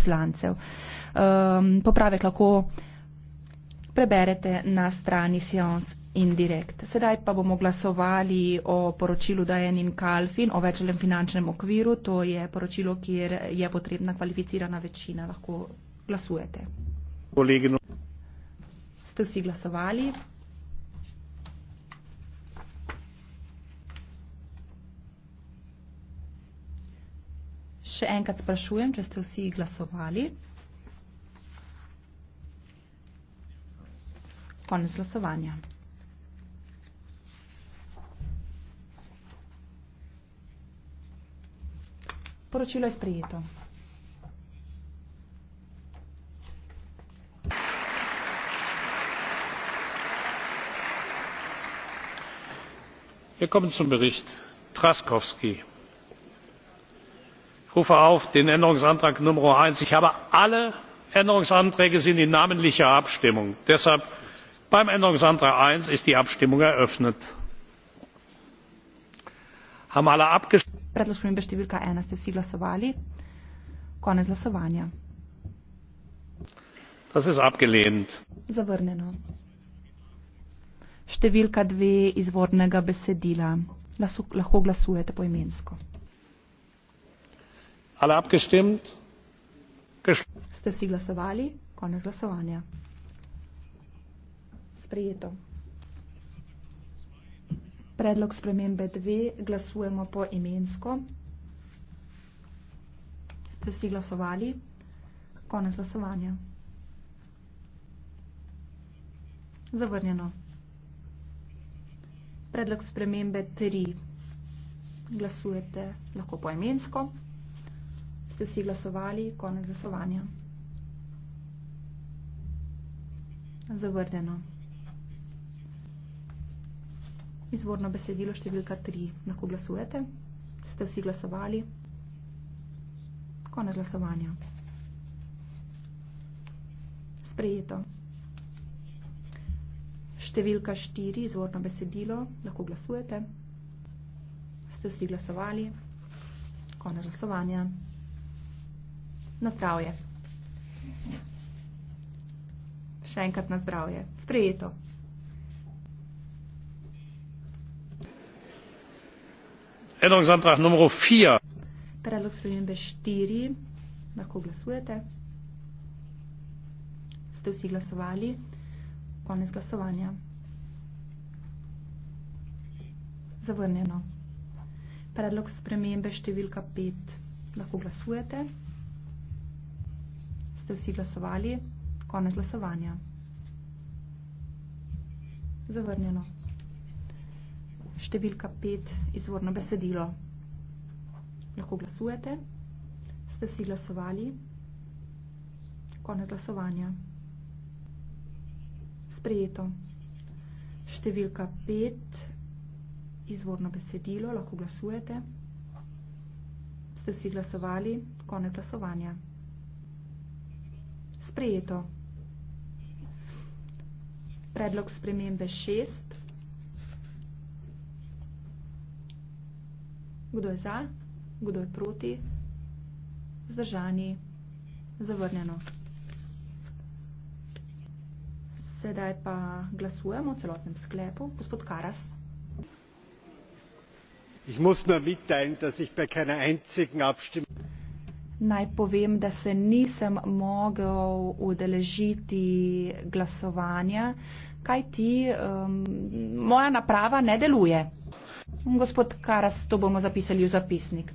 poslancev. Um, popravek lahko preberete na strani Sions in Direkt. Sedaj pa bomo glasovali o poročilu Dajen in Kalfin, o večjem finančnem okviru. To je poročilo, kjer je potrebna kvalificirana večina. Lahko glasujete. Kolegino. Ste vsi glasovali? še enkrat sprašujem, če ste vsi glasovali. Konec glasovanja. Poročilo je sprejeto. Wir kommen zum Bericht Traskowski ich rufe auf den änderungsantrag nr. eins ich habe alle änderungsanträge sind in namentlicher abstimmung deshalb beim änderungsantrag eins ist die abstimmung eröffnet. haben alle abgestimmt? das ist abgelehnt. Zavrneno. Številka dve izvornega besedila. Lahko glasujete poimensko alle abgestimmt ste si glasovali konec glasovanja sprejeto predlog spremembe 2 glasujemo po imensko ste si glasovali konec glasovanja zavrnjeno predlog spremembe 3 glasujete lahko po imensko ste vsi glasovali, konec glasovanja. Zavrdeno. Izvorno besedilo številka 3. Lahko glasujete? Ste vsi glasovali? Konec glasovanja. Sprejeto. Številka 4. Izvorno besedilo. Lahko glasujete? Ste vsi glasovali? Konec glasovanja na zdravje. Še enkrat na zdravje. Sprejeto. Änderungsantrag Nummer 4. Predlog spremembe 4. Lahko glasujete. Ste vsi glasovali? Konec glasovanja. Zavrnjeno. Predlog spremembe številka 5. Lahko glasujete ste vsi glasovali. Konec glasovanja. Zavrnjeno. Številka 5, izvorno besedilo. Lahko glasujete. Ste vsi glasovali. Konec glasovanja. Sprejeto. Številka 5, izvorno besedilo. Lahko glasujete. Ste vsi glasovali. Konec glasovanja sprejeto. Predlog spremembe šest. Kdo je za, kdo je proti, vzdržani, zavrnjeno. Sedaj pa glasujemo o celotnem sklepu. Gospod Karas. Ich muss nur mitteilen, dass ich bei keiner einzigen Abstimmung. Naj povem, da se nisem mogel udeležiti glasovanja, kaj ti um, moja naprava ne deluje. Gospod Karas, to bomo zapisali v zapisnik.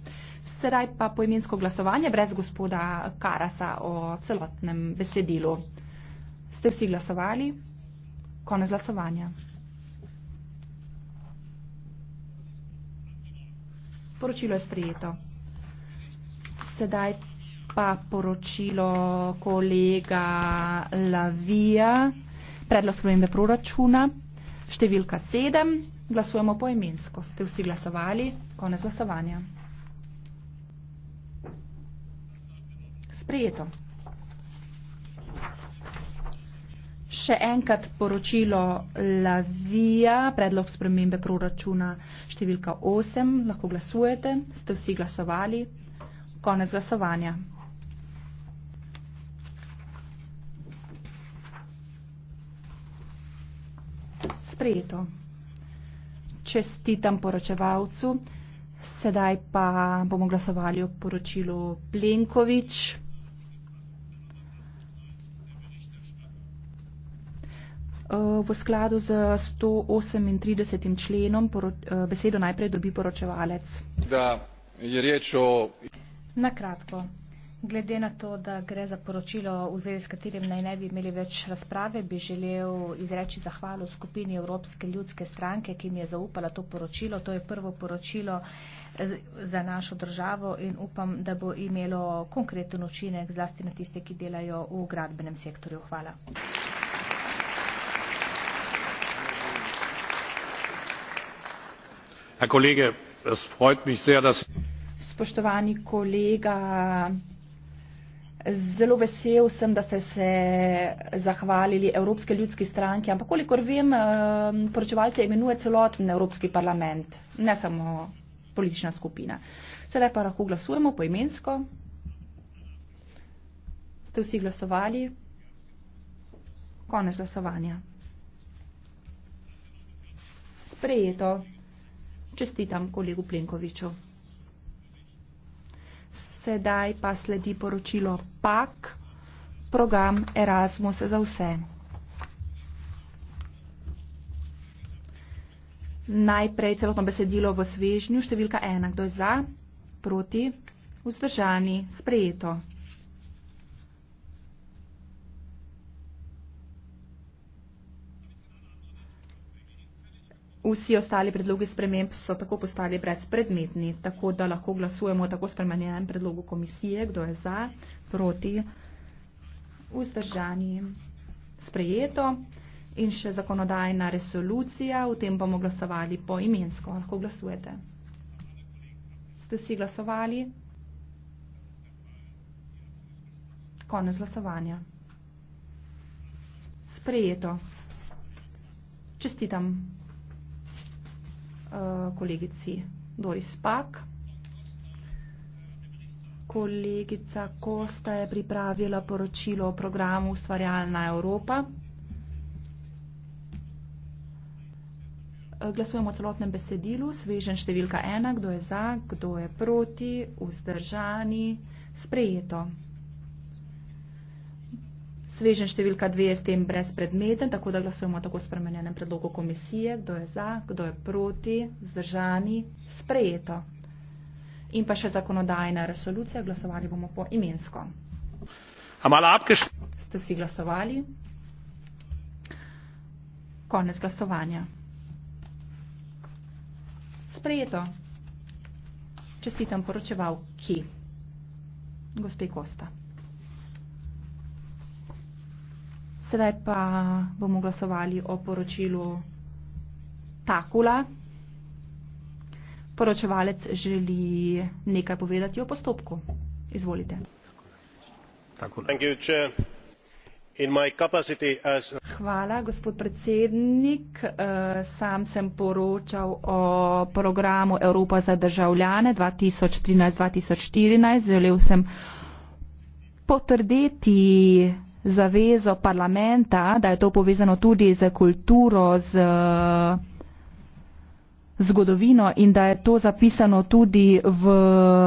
Sedaj pa poimensko glasovanje brez gospoda Karasa o celotnem besedilu. Ste vsi glasovali? Konec glasovanja. Poročilo je sprejeto sedaj pa poročilo kolega Lavija, predlog spremembe proračuna, številka 7. Glasujemo po imensko. Ste vsi glasovali? Konec glasovanja. Sprejeto. Še enkrat poročilo Lavija, predlog spremembe proračuna številka 8. Lahko glasujete. Ste vsi glasovali? Konec glasovanja. Sprejeto. Čestitam poročevalcu. Sedaj pa bomo glasovali o poročilu Plenković. Eh, v skladu z 138. členom eh, besedo najprej dobi poročevalec. Da je reč o. Na kratko. Glede na to, da gre za poročilo, v zvezi s katerim naj ne bi imeli več razprave, bi želel izreči zahvalo skupini Evropske ljudske stranke, ki mi je zaupala to poročilo. To je prvo poročilo eh, za našo državo in upam, da bo imelo konkreten učinek zlasti na tiste, ki delajo v gradbenem sektorju. Hvala. Herr Kollege, es freut mich sehr, dass spoštovani kolega, zelo vesel sem, da ste se zahvalili Evropske ljudske stranke, ampak kolikor vem, eh, poročevalce imenuje celoten Evropski parlament, ne samo politična skupina. Sedaj pa lahko glasujemo poimensko. Ste vsi glasovali? Konec glasovanja. Sprejeto. Čestitam kolegu Plenkoviču. Sedaj pa sledi poročilo PAK, program Erasmus za vse. Najprej celotno besedilo v svežnju, številka ena. Kdo je za? Proti? Vzdržani? Sprejeto? Vsi ostali predlogi sprememb so tako postali brezpredmetni, tako da lahko glasujemo o tako spremenjenem predlogu komisije, kdo je za, proti, vzdržani, sprejeto in še zakonodajna resolucija, v tem bomo glasovali po imensko, lahko glasujete. Ste si glasovali? Konec glasovanja. Sprejeto. Čestitam. Eh, kolegici Doris Pak. Kolegica Kosta je pripravila poročilo o programu Ustvarjalna Evropa. Eh, glasujemo o celotnem besedilu, svežen številka ena, kdo je za, kdo je proti, vzdržani, sprejeto. Svežen številka 2 je s tem brezpredmeten, tako da glasujemo tako spremenjenem predlogu komisije, kdo je za, kdo je proti, vzdržani, sprejeto. In pa še zakonodajna resolucija, glasovali bomo po imensko. Ste si glasovali? Konec glasovanja. Sprejeto. Čestitam poročeval ki. Gospe Kosta. Sedaj pa bomo glasovali o poročilu Takula. Poročevalec želi nekaj povedati o postopku. Izvolite. Hvala, gospod predsednik. Eh, sam sem poročal o programu Evropa za državljane 2013-2014. Želel sem potrditi zavezo parlamenta, da je to povezano tudi z kulturo, z zgodovino in da je to zapisano tudi v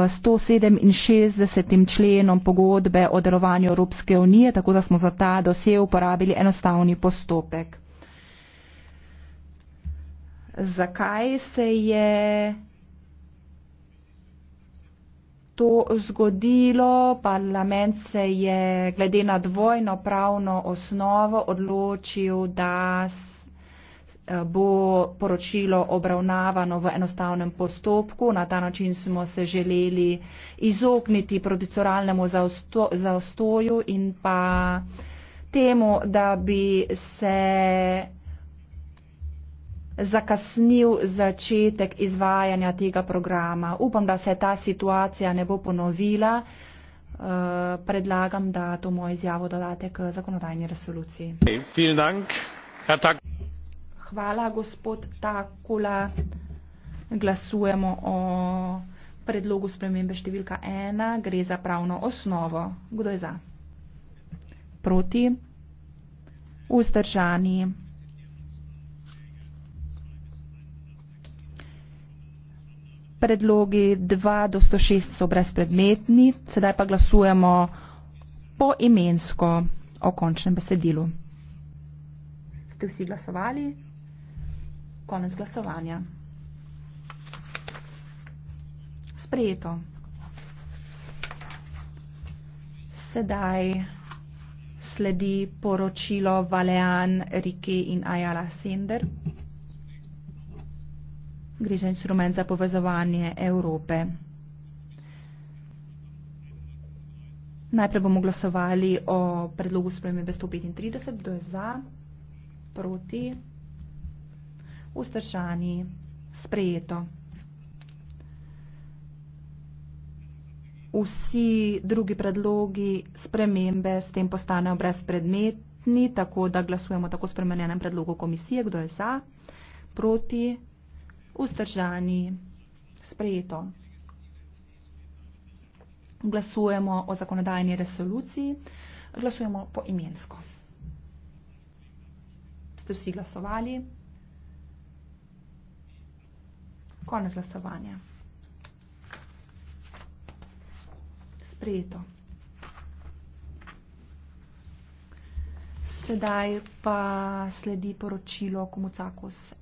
167. členom pogodbe o delovanju Evropske unije, tako da smo za ta dosje uporabili enostavni postopek. Zakaj se je to zgodilo. Parlament se je glede na dvojno pravno osnovo odločil, da eh, bo poročilo obravnavano v enostavnem postopku. Na ta način smo se želeli izogniti proticoralnemu zaosto, zaostoju in pa temu, da bi se zakasnil začetek izvajanja tega programa. Upam, da se ta situacija ne bo ponovila. Uh, predlagam, da to mojo izjavo dodate k zakonodajni resoluciji. Hvala, gospod Takula. Glasujemo o predlogu spremembe številka 1. Gre za pravno osnovo. Kdo je za? Proti? Vzdržani? predlogi 2 do 106 so brezpredmetni, sedaj pa glasujemo poimensko o končnem besedilu. Ste vsi glasovali? Konec glasovanja. Sprejeto. Sedaj sledi poročilo Valean, Rike in Ayala Sender gre za instrument za povezovanje Evrope. Najprej bomo glasovali o predlogu spremembe 135, kdo je za, proti, ustršani, sprejeto. Vsi drugi predlogi spremembe s tem postanejo brezpredmetni, tako da glasujemo tako spremenjenem predlogu komisije, kdo je za, proti, ustršani vzdržani, sprejeto. Glasujemo o zakonodajni resoluciji, glasujemo po imensko. Ste vsi glasovali? Konec glasovanja. Sprejeto. Sedaj pa sledi poročilo Komucakus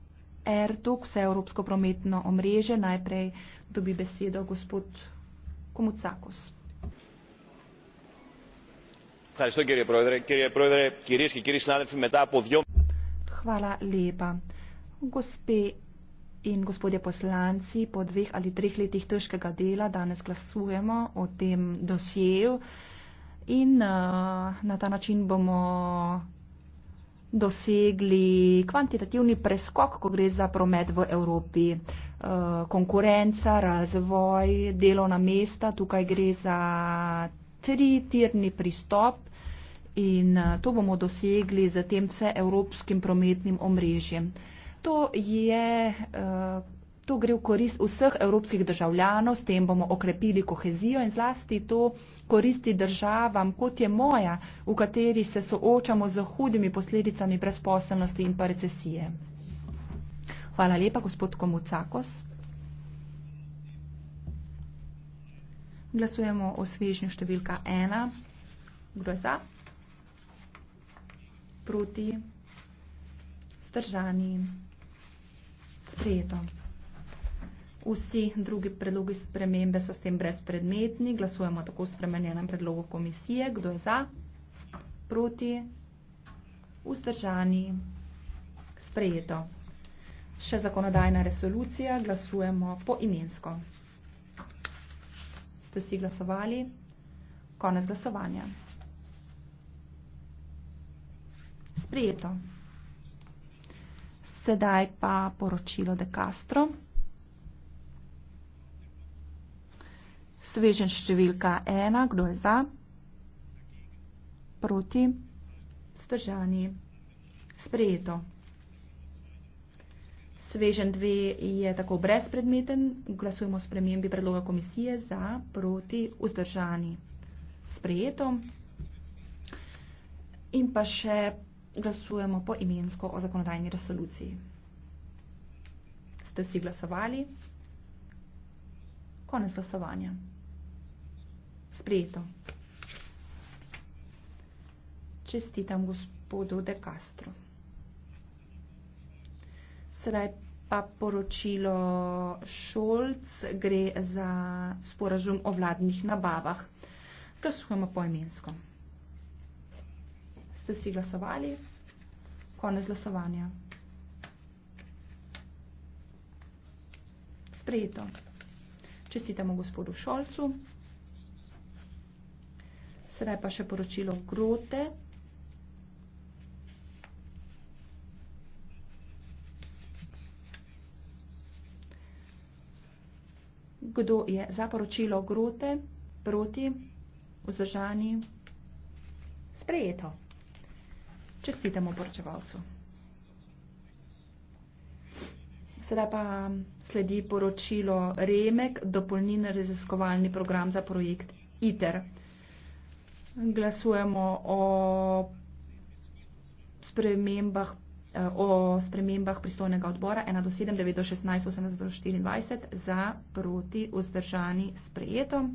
ERTUK, vse Evropsko prometno omreže. Najprej dobi besedo gospod Komucakos. Hvala lepa. Gospe in gospodje poslanci, po dveh ali treh letih težkega dela danes glasujemo o tem dosjeju in uh, na ta način bomo dosegli kvantitativni preskok, ko gre za promet v Evropi. Eh, konkurenca, razvoj, delovna mesta, tukaj gre za tri tirni pristop in eh, to bomo dosegli z tem vse evropskim prometnim omrežjem. To je eh, To gre v korist vseh evropskih državljanov, s tem bomo okrepili kohezijo in zlasti to koristi državam, kot je moja, v kateri se soočamo z hudimi posledicami brezposelnosti in pa recesije. Hvala lepa, gospod Komucakos. Glasujemo o svežnju številka 1. Kdo je za? Proti? Stržani? Sprejeto. Vsi drugi predlogi spremembe so s tem brezpredmetni. Glasujemo tako v spremenjenem predlogu komisije. Kdo je za? Proti? Vzdržani? Sprejeto. Še zakonodajna resolucija. Glasujemo po imensko. Ste vsi glasovali? Konec glasovanja. Sprejeto. Sedaj pa poročilo De Castro. Sprejeto. Svežen številka 1, kdo je za? Proti? Stržani? Sprejeto. Svežen 2 je tako brezpredmeten, glasujemo spremembi predloga komisije za, proti, vzdržani. Sprejeto. In pa še glasujemo po imensko o zakonodajni resoluciji. Ste si glasovali? Konec glasovanja sprejeto. Čestitam gospodu De Castro. Sedaj pa poročilo Šolc gre za sporažum o vladnih nabavah. Glasujemo poimensko. Ste vsi glasovali? Konec glasovanja. Sprejeto. Čestitamo gospodu Šolcu. Sedaj pa še poročilo Grote. Kdo je za poročilo Grote proti vzdržani sprejeto? Čestitemo poročevalcu. Sedaj pa sledi poročilo Remek, dopolnilni raziskovalni program za projekt ITER glasujemo o spremembah, eh, o spremembah pristojnega odbora 1 do 7, 9 do 16, 18 do 24 za proti vzdržani sprejeto.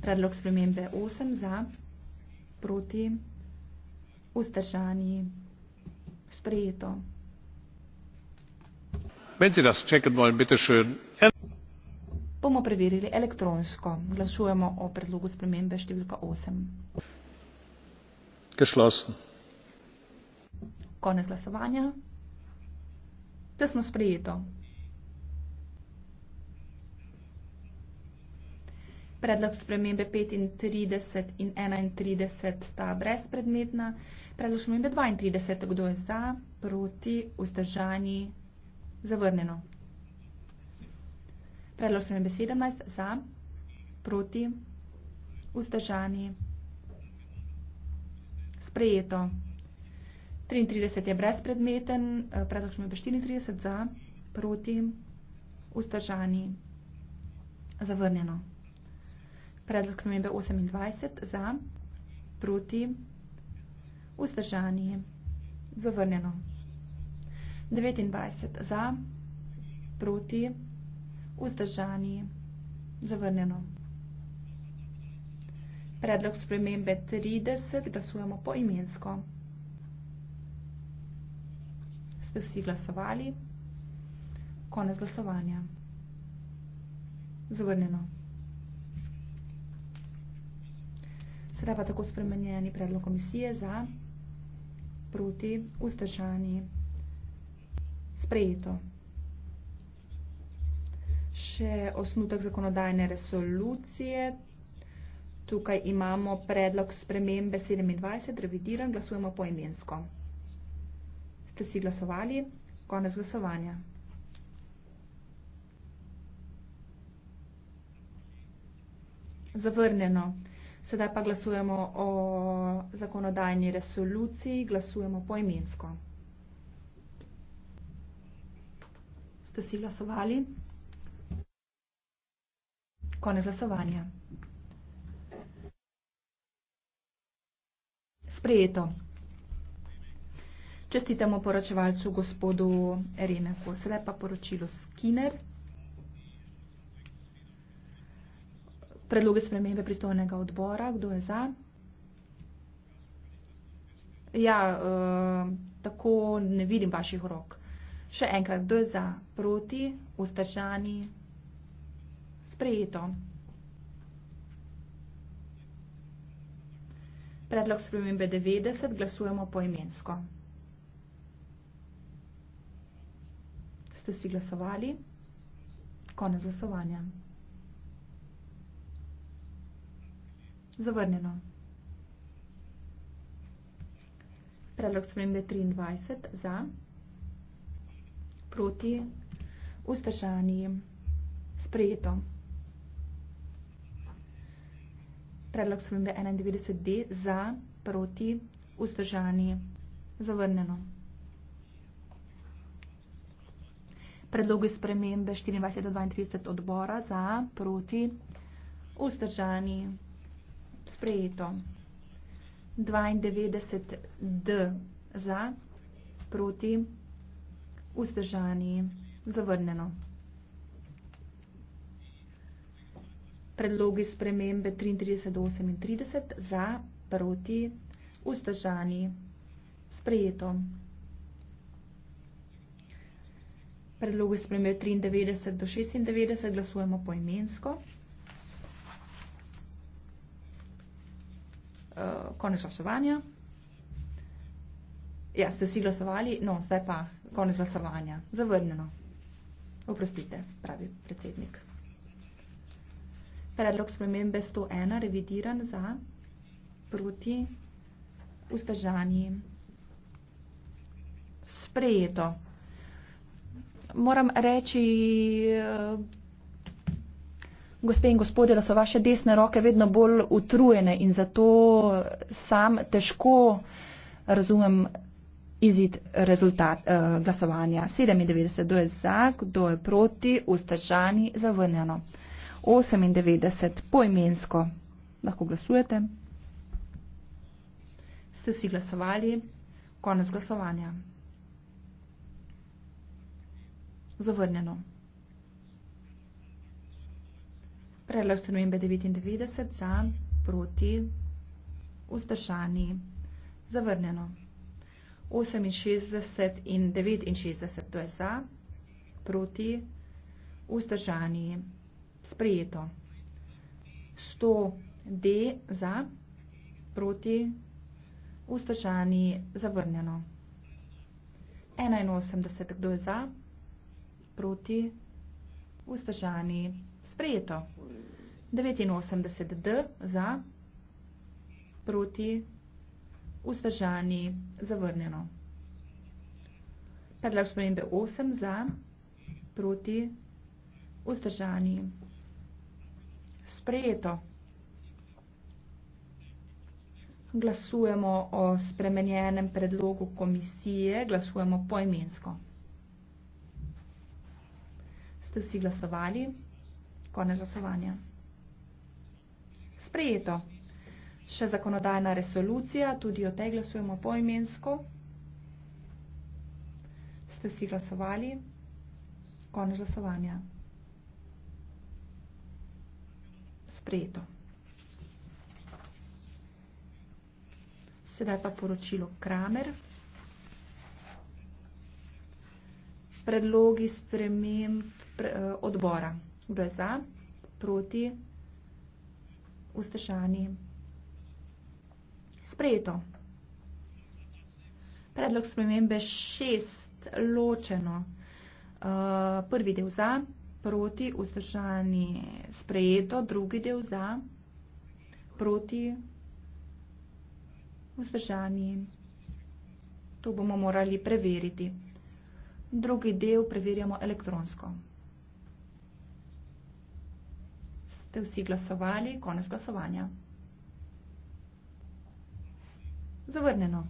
Predlog spremembe 8 za proti vzdržani sprejeto. Wenn Sie das checken wollen, bitte schön preverili elektronsko. Glasujemo o predlogu spremembe številka 8. Geschlossen. Konec glasovanja. Tesno sprejeto. Predlog spremembe 35 in 31 sta brezpredmetna. Predlog spremembe 32. Kdo je za, proti, vzdržani, zavrnjeno. Predlog spremembe 17 za, proti, vzdržani, sprejeto. 33 je brezpredmeten, eh, predlog spremembe 34 za, proti, vzdržani, zavrnjeno. Predlog spremembe 28 za, proti, vzdržani, zavrnjeno. 29 za, proti, vzdržani vzdržani, zavrnjeno. Predlog spremembe 30 glasujemo poimensko. Ste vsi glasovali? Konec glasovanja. Zavrnjeno. Sedaj pa tako spremenjeni predlog komisije za proti vzdržani. Sprejeto še osnutek zakonodajne resolucije. Tukaj imamo predlog spremembe 27, revidiran, glasujemo poimensko. Ste si glasovali? Konec glasovanja. Zavrnjeno. Sedaj pa glasujemo o zakonodajni resoluciji, glasujemo poimensko. Ste si glasovali? Konec glasovanja. Sprejeto. Čestitamo poročevalcu gospodu Rene Kosele, pa poročilo Skinner. Predloge spremembe pristojnega odbora. Kdo je za? Ja, uh, tako ne vidim vaših rok. Še enkrat, kdo je za? Proti, ustažani, sprejeto. Predlog spremembe 90 glasujemo poimensko. Ste vsi glasovali? Konec glasovanja. Zavrnjeno. Predlog spremembe 23 za. Proti. Ustašanji. Sprejeto. Predlog spremembe 91D za, proti, vzdržani, zavrnjeno. Predlogi spremembe 24 do 32 odbora za, proti, vzdržani, sprejeto. 92D za, proti, vzdržani, zavrnjeno. predlogi spremembe 33, 38, za, proti, vzdržani, sprejeto. Predlogi spremembe 93 do 96 glasujemo poimensko. E, konec glasovanja. Ja, ste vsi glasovali? No, zdaj pa konec glasovanja. Zavrneno. Oprostite, pravi predsednik predlog spremembe 101 revidiran za proti vzdržanji. Sprejeto. Moram reči, eh, gospe in gospode, da so vaše desne roke vedno bolj utrujene in zato sam težko razumem izid rezultat eh, glasovanja. 97 do je za, kdo je proti, vzdržani, zavrnjeno. 98 poimensko. Lahko glasujete. Ste si glasovali? Konec glasovanja. Zavrnjeno. Predlog spremembe 99 za, proti, vzdržani. Zavrnjeno. 68 in 69, to je za, proti, vzdržani sprejeto. 100D za, proti, vstržani, zavrnjeno. 81, kdo je za, proti, vstržani, sprejeto. 89D za, proti, vstržani, zavrnjeno. Predlag spremembe 8 za, proti, vstržani, zavrnjeno sprejeto. Glasujemo o spremenjenem predlogu komisije, glasujemo poimensko. Ste vsi glasovali? Konec glasovanja. Sprejeto. Še zakonodajna resolucija, tudi o tej glasujemo poimensko. Ste vsi glasovali? Konec glasovanja. sprejeto. Sedaj pa poročilo Kramer. Predlogi sprememb eh, odbora. Kdo je za? Proti? Ustešani? Sprejeto. Predlog spremembe šest ločeno. Eh, prvi del za. Prvi del za proti vzdržanje sprejeto, drugi del za, proti vzdržanje. To bomo morali preveriti. Drugi del preverjamo elektronsko. Ste vsi glasovali, konec glasovanja. Zavrneno.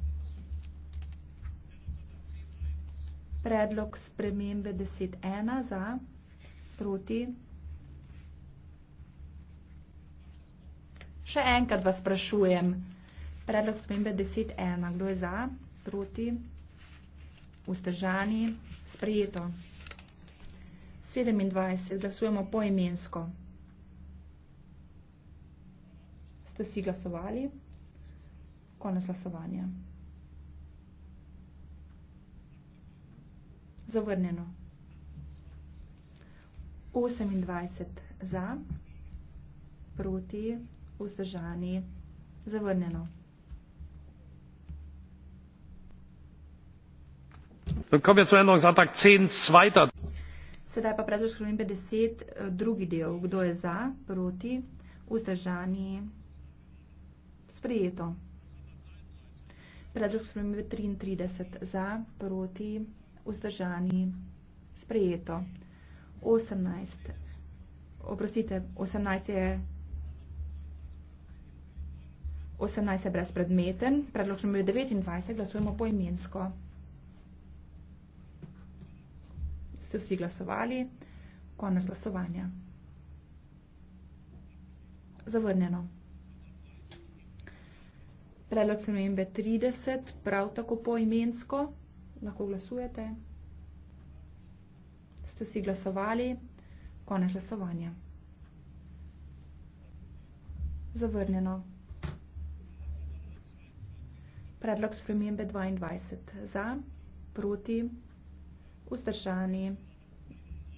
Predlog spremembe 10.1 za vzdržanje nasproti. Še enkrat vas sprašujem. Predlog spremembe 10.1. Kdo je za? Proti? Ustežani? Sprejeto. 27. Glasujemo poimensko. Ste si glasovali? Konec glasovanja. Zavrnjeno. 28 za, proti, vzdržani, zavrnjeno. Sedaj pa predlog skrbnembe 10, eh, drugi del. Kdo je za, proti, vzdržani, sprejeto. Predlog skrbnembe 33 za, proti, vzdržani, sprejeto. 18. Oprostite, 18 je 18 je brezpredmeten, predločno je 29, glasujemo poimensko. Ste vsi glasovali, konec glasovanja. Zavrnjeno. Predlog se imenbe 30, prav tako poimensko, lahko glasujete ste si glasovali, konec glasovanja. Zavrnjeno. Predlog spremembe 22. Za, proti, vzdržani,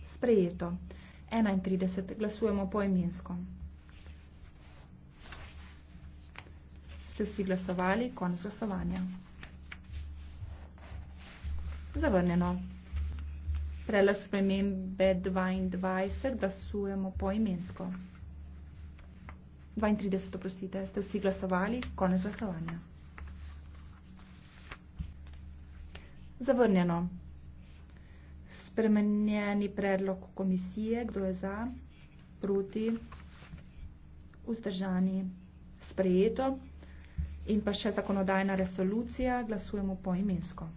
sprejeto. 31. Glasujemo poimensko. Ste vsi glasovali, konec glasovanja. Zavrnjeno. Predlog spremembe 22, glasujemo po imensko. 32, oprostite, ste vsi glasovali, konec glasovanja. Zavrnjeno. Spremenjeni predlog komisije, kdo je za, proti, vzdržani, sprejeto. In pa še zakonodajna resolucija, glasujemo po imensko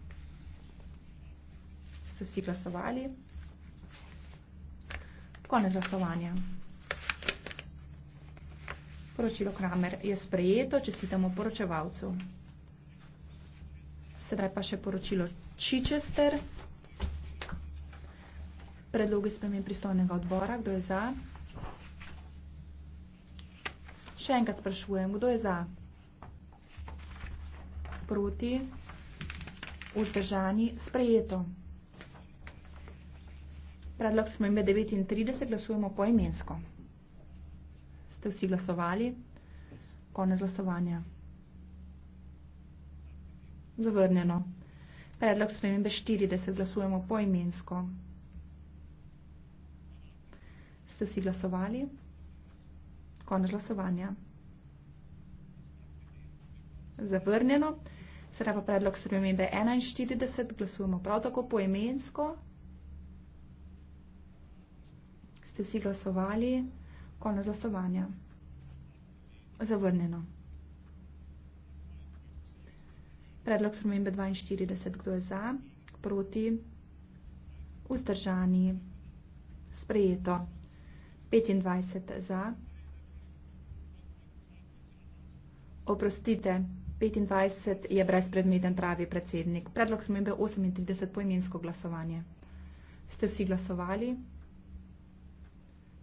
ste vsi glasovali. Konec glasovanja. Poročilo Kramer je sprejeto, čestitamo poročevalcu. Sedaj pa še poročilo Čičester. Predlogi spremem pristojnega odbora, kdo je za? Še enkrat sprašujem, kdo je za? Proti, vzdržani, sprejeto. Predlog spremembe 39 glasujemo poimensko. Ste vsi glasovali? Konec glasovanja. Zavrnjeno. Predlog spremembe 40 glasujemo poimensko. Ste vsi glasovali? Konec glasovanja. Zavrnjeno. Sedaj pa predlog spremembe 41 glasujemo prav tako poimensko ste vsi glasovali, konec glasovanja. Zavrnjeno. Predlog spremembe 42, kdo je za, proti, vzdržani, sprejeto, 25 za, oprostite, 25 je brezpredmeten pravi predsednik. Predlog spremembe 38, pojmensko glasovanje. Ste vsi glasovali?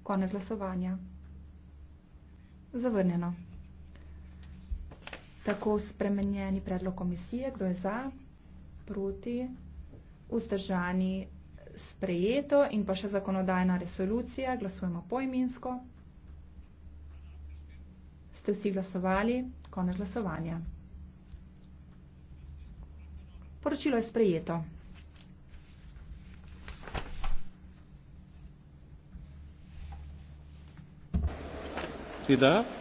Konec glasovanja. Zavrnjeno. Tako spremenjeni predlog komisije, kdo je za, proti, vzdržani, sprejeto in pa še zakonodajna resolucija, glasujemo poimensko. Ste vsi glasovali, konec glasovanja. Poročilo je sprejeto. kandidat?